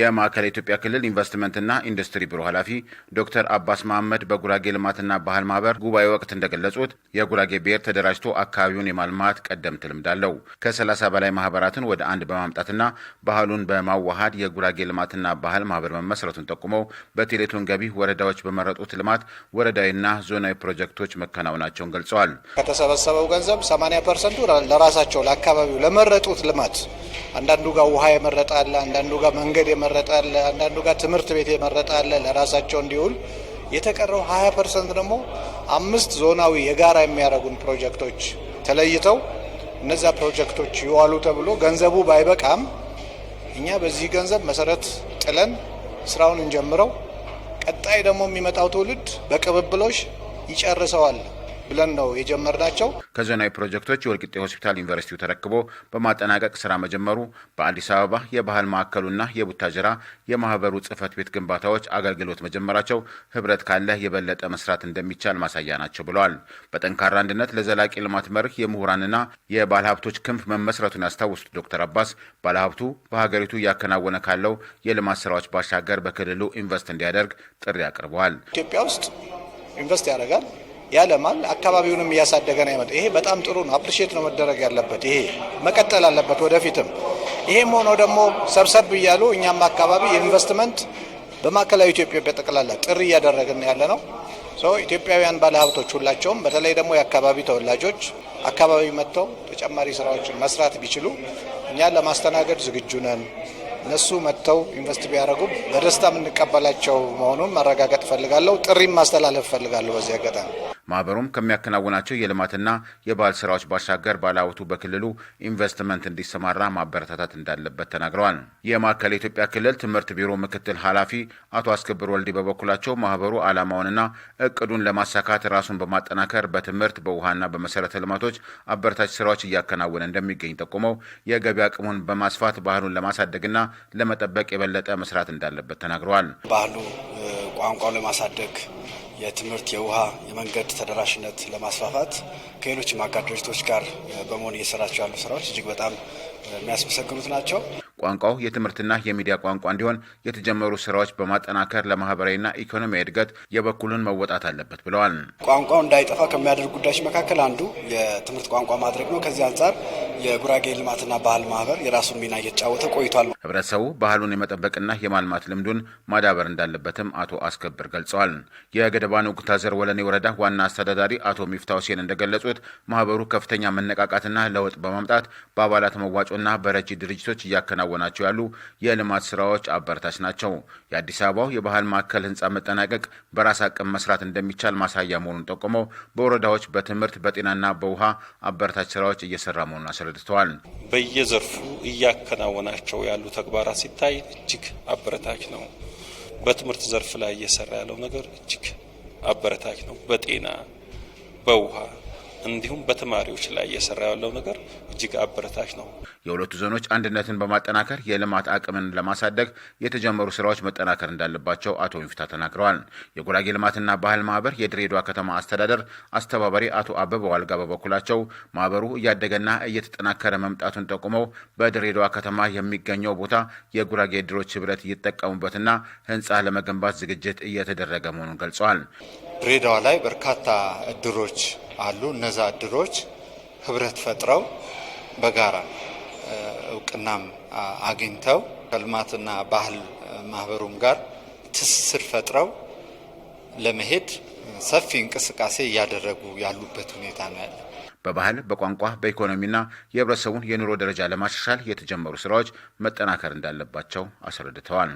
የማዕከላዊ ኢትዮጵያ ክልል ኢንቨስትመንትና ኢንዱስትሪ ቢሮ ኃላፊ ዶክተር አባስ መሐመድ በጉራጌ ልማትና ባህል ማህበር ጉባኤ ወቅት እንደገለጹት የጉራጌ ብሔር ተደራጅቶ አካባቢውን የማልማት ቀደምት ልምድ አለው። ከ30 በላይ ማህበራትን ወደ አንድ በማምጣትና ባህሉን በማዋሃድ የጉራጌ ልማትና ባህል ማህበር መመስረቱን ጠቁመው በቴሌቶን ገቢ ወረዳዎች በመረጡት ልማት ወረዳዊና ዞናዊ ፕሮጀክቶች መከናወናቸውን ገልጸዋል። ከተሰበሰበው ገንዘብ 80 ፐርሰንቱ ለራሳቸው ለአካባቢው ለመረጡት ልማት አንዳንዱ ጋር ውሃ የመረጣለ፣ አለ፣ አንዳንዱ ጋር መንገድ የመረጣለ፣ አለ፣ አንዳንዱ ጋር ትምህርት ቤት የመረጣለ አለ ለራሳቸው እንዲውል። የተቀረው 20 ፐርሰንት ደግሞ አምስት ዞናዊ የጋራ የሚያደርጉን ፕሮጀክቶች ተለይተው እነዛ ፕሮጀክቶች ይዋሉ ተብሎ ገንዘቡ ባይበቃም እኛ በዚህ ገንዘብ መሰረት ጥለን ስራውን እንጀምረው። ቀጣይ ደግሞ የሚመጣው ትውልድ በቅብብሎሽ ይጨርሰዋል። ብለን ነው የጀመርናቸው። ከዘናዊ ፕሮጀክቶች የወልቂጤ ሆስፒታል ዩኒቨርሲቲው ተረክቦ በማጠናቀቅ ስራ መጀመሩ በአዲስ አበባ የባህል ማዕከሉና የቡታጅራ የማህበሩ ጽህፈት ቤት ግንባታዎች አገልግሎት መጀመራቸው ህብረት ካለ የበለጠ መስራት እንደሚቻል ማሳያ ናቸው ብለዋል። በጠንካራ አንድነት ለዘላቂ ልማት መርህ የምሁራንና የባለሀብቶች ክንፍ መመስረቱን ያስታውሱት ዶክተር አባስ ባለሀብቱ በሀገሪቱ እያከናወነ ካለው የልማት ስራዎች ባሻገር በክልሉ ኢንቨስት እንዲያደርግ ጥሪ አቅርበዋል። ኢትዮጵያ ውስጥ ኢንቨስት ያደርጋል ያለማል፣ አካባቢውንም እያሳደገ ነው የመጣው። ይሄ በጣም ጥሩ ነው፣ አፕሪሼት ነው መደረግ ያለበት። ይሄ መቀጠል አለበት ወደፊትም። ይሄም ሆኖ ደግሞ ሰብሰብ እያሉ እኛም አካባቢ የኢንቨስትመንት በማዕከላዊ ኢትዮጵያ በጠቅላላ ጥሪ እያደረግን ያለ ነው። ኢትዮጵያውያን ባለሀብቶች ሁላቸውም በተለይ ደግሞ የአካባቢ ተወላጆች አካባቢ መጥተው ተጨማሪ ስራዎችን መስራት ቢችሉ እኛ ለማስተናገድ ዝግጁ ነን። እነሱ መጥተው ኢንቨስት ቢያደርጉ በደስታ የምንቀበላቸው መሆኑን ማረጋገጥ እፈልጋለሁ። ጥሪም ማስተላለፍ ፈልጋለሁ በዚህ አጋጣሚ ማህበሩም ከሚያከናውናቸው የልማትና የባህል ስራዎች ባሻገር ባለሀብቱ በክልሉ ኢንቨስትመንት እንዲሰማራ ማበረታታት እንዳለበት ተናግረዋል። የማዕከል ኢትዮጵያ ክልል ትምህርት ቢሮ ምክትል ኃላፊ አቶ አስከብር ወልዲ በበኩላቸው ማህበሩ ዓላማውንና እቅዱን ለማሳካት ራሱን በማጠናከር በትምህርት በውሃና በመሰረተ ልማቶች አበረታች ስራዎች እያከናወነ እንደሚገኝ ጠቁመው የገቢ አቅሙን በማስፋት ባህሉን ለማሳደግና ለመጠበቅ የበለጠ መስራት እንዳለበት ተናግረዋል። ባህሉ ቋንቋውን ለማሳደግ የትምህርት፣ የውሃ፣ የመንገድ ተደራሽነት ለማስፋፋት ከሌሎችም አጋር ድርጅቶች ጋር በመሆን እየሰራቸው ያሉ ስራዎች እጅግ በጣም የሚያስመሰግኑት ናቸው። ቋንቋው የትምህርትና የሚዲያ ቋንቋ እንዲሆን የተጀመሩ ስራዎች በማጠናከር ለማህበራዊና ኢኮኖሚያዊ እድገት የበኩሉን መወጣት አለበት ብለዋል። ቋንቋው እንዳይጠፋ ከሚያደርጉ ጉዳዮች መካከል አንዱ የትምህርት ቋንቋ ማድረግ ነው። ከዚህ አንጻር የጉራጌ ልማትና ባህል ማህበር የራሱን ሚና እየተጫወተ ቆይቷል። ህብረተሰቡ ባህሉን የመጠበቅና የማልማት ልምዱን ማዳበር እንዳለበትም አቶ አስከብር ገልጸዋል። የገደባ ዘር ወለኔ ወረዳ ዋና አስተዳዳሪ አቶ ሚፍታ ሁሴን እንደገለጹት ማህበሩ ከፍተኛ መነቃቃትና ለውጥ በማምጣት በአባላት መዋጮና በረጂ ድርጅቶች እያከናወ እያከናወናቸው ያሉ የልማት ስራዎች አበረታች ናቸው። የአዲስ አበባው የባህል ማዕከል ህንፃ መጠናቀቅ በራስ አቅም መስራት እንደሚቻል ማሳያ መሆኑን ጠቁመው በወረዳዎች በትምህርት በጤናና በውሃ አበረታች ስራዎች እየሰራ መሆኑን አስረድተዋል። በየዘርፉ እያከናወናቸው ያሉ ተግባራት ሲታይ እጅግ አበረታች ነው። በትምህርት ዘርፍ ላይ እየሰራ ያለው ነገር እጅግ አበረታች ነው። በጤና በውሃ እንዲሁም በተማሪዎች ላይ እየሰራ ያለው ነገር እጅግ አበረታች ነው። የሁለቱ ዞኖች አንድነትን በማጠናከር የልማት አቅምን ለማሳደግ የተጀመሩ ስራዎች መጠናከር እንዳለባቸው አቶ ይንፍታ ተናግረዋል። የጉራጌ ልማትና ባህል ማህበር የድሬዳዋ ከተማ አስተዳደር አስተባባሪ አቶ አበበ ዋልጋ በበኩላቸው ማህበሩ እያደገና እየተጠናከረ መምጣቱን ጠቁመው በድሬዳዋ ከተማ የሚገኘው ቦታ የጉራጌ ድሮች ህብረት እየተጠቀሙበትና ህንፃ ለመገንባት ዝግጅት እየተደረገ መሆኑን ገልጸዋል። ድሬዳዋ ላይ በርካታ እድሮች አሉ። እነዛ እድሮች ህብረት ፈጥረው በጋራ እውቅናም አግኝተው ከልማትና ባህል ማህበሩም ጋር ትስስር ፈጥረው ለመሄድ ሰፊ እንቅስቃሴ እያደረጉ ያሉበት ሁኔታ ነው ያለ። በባህል በቋንቋ በኢኮኖሚና የህብረተሰቡን የኑሮ ደረጃ ለማሻሻል የተጀመሩ ስራዎች መጠናከር እንዳለባቸው አስረድተዋል።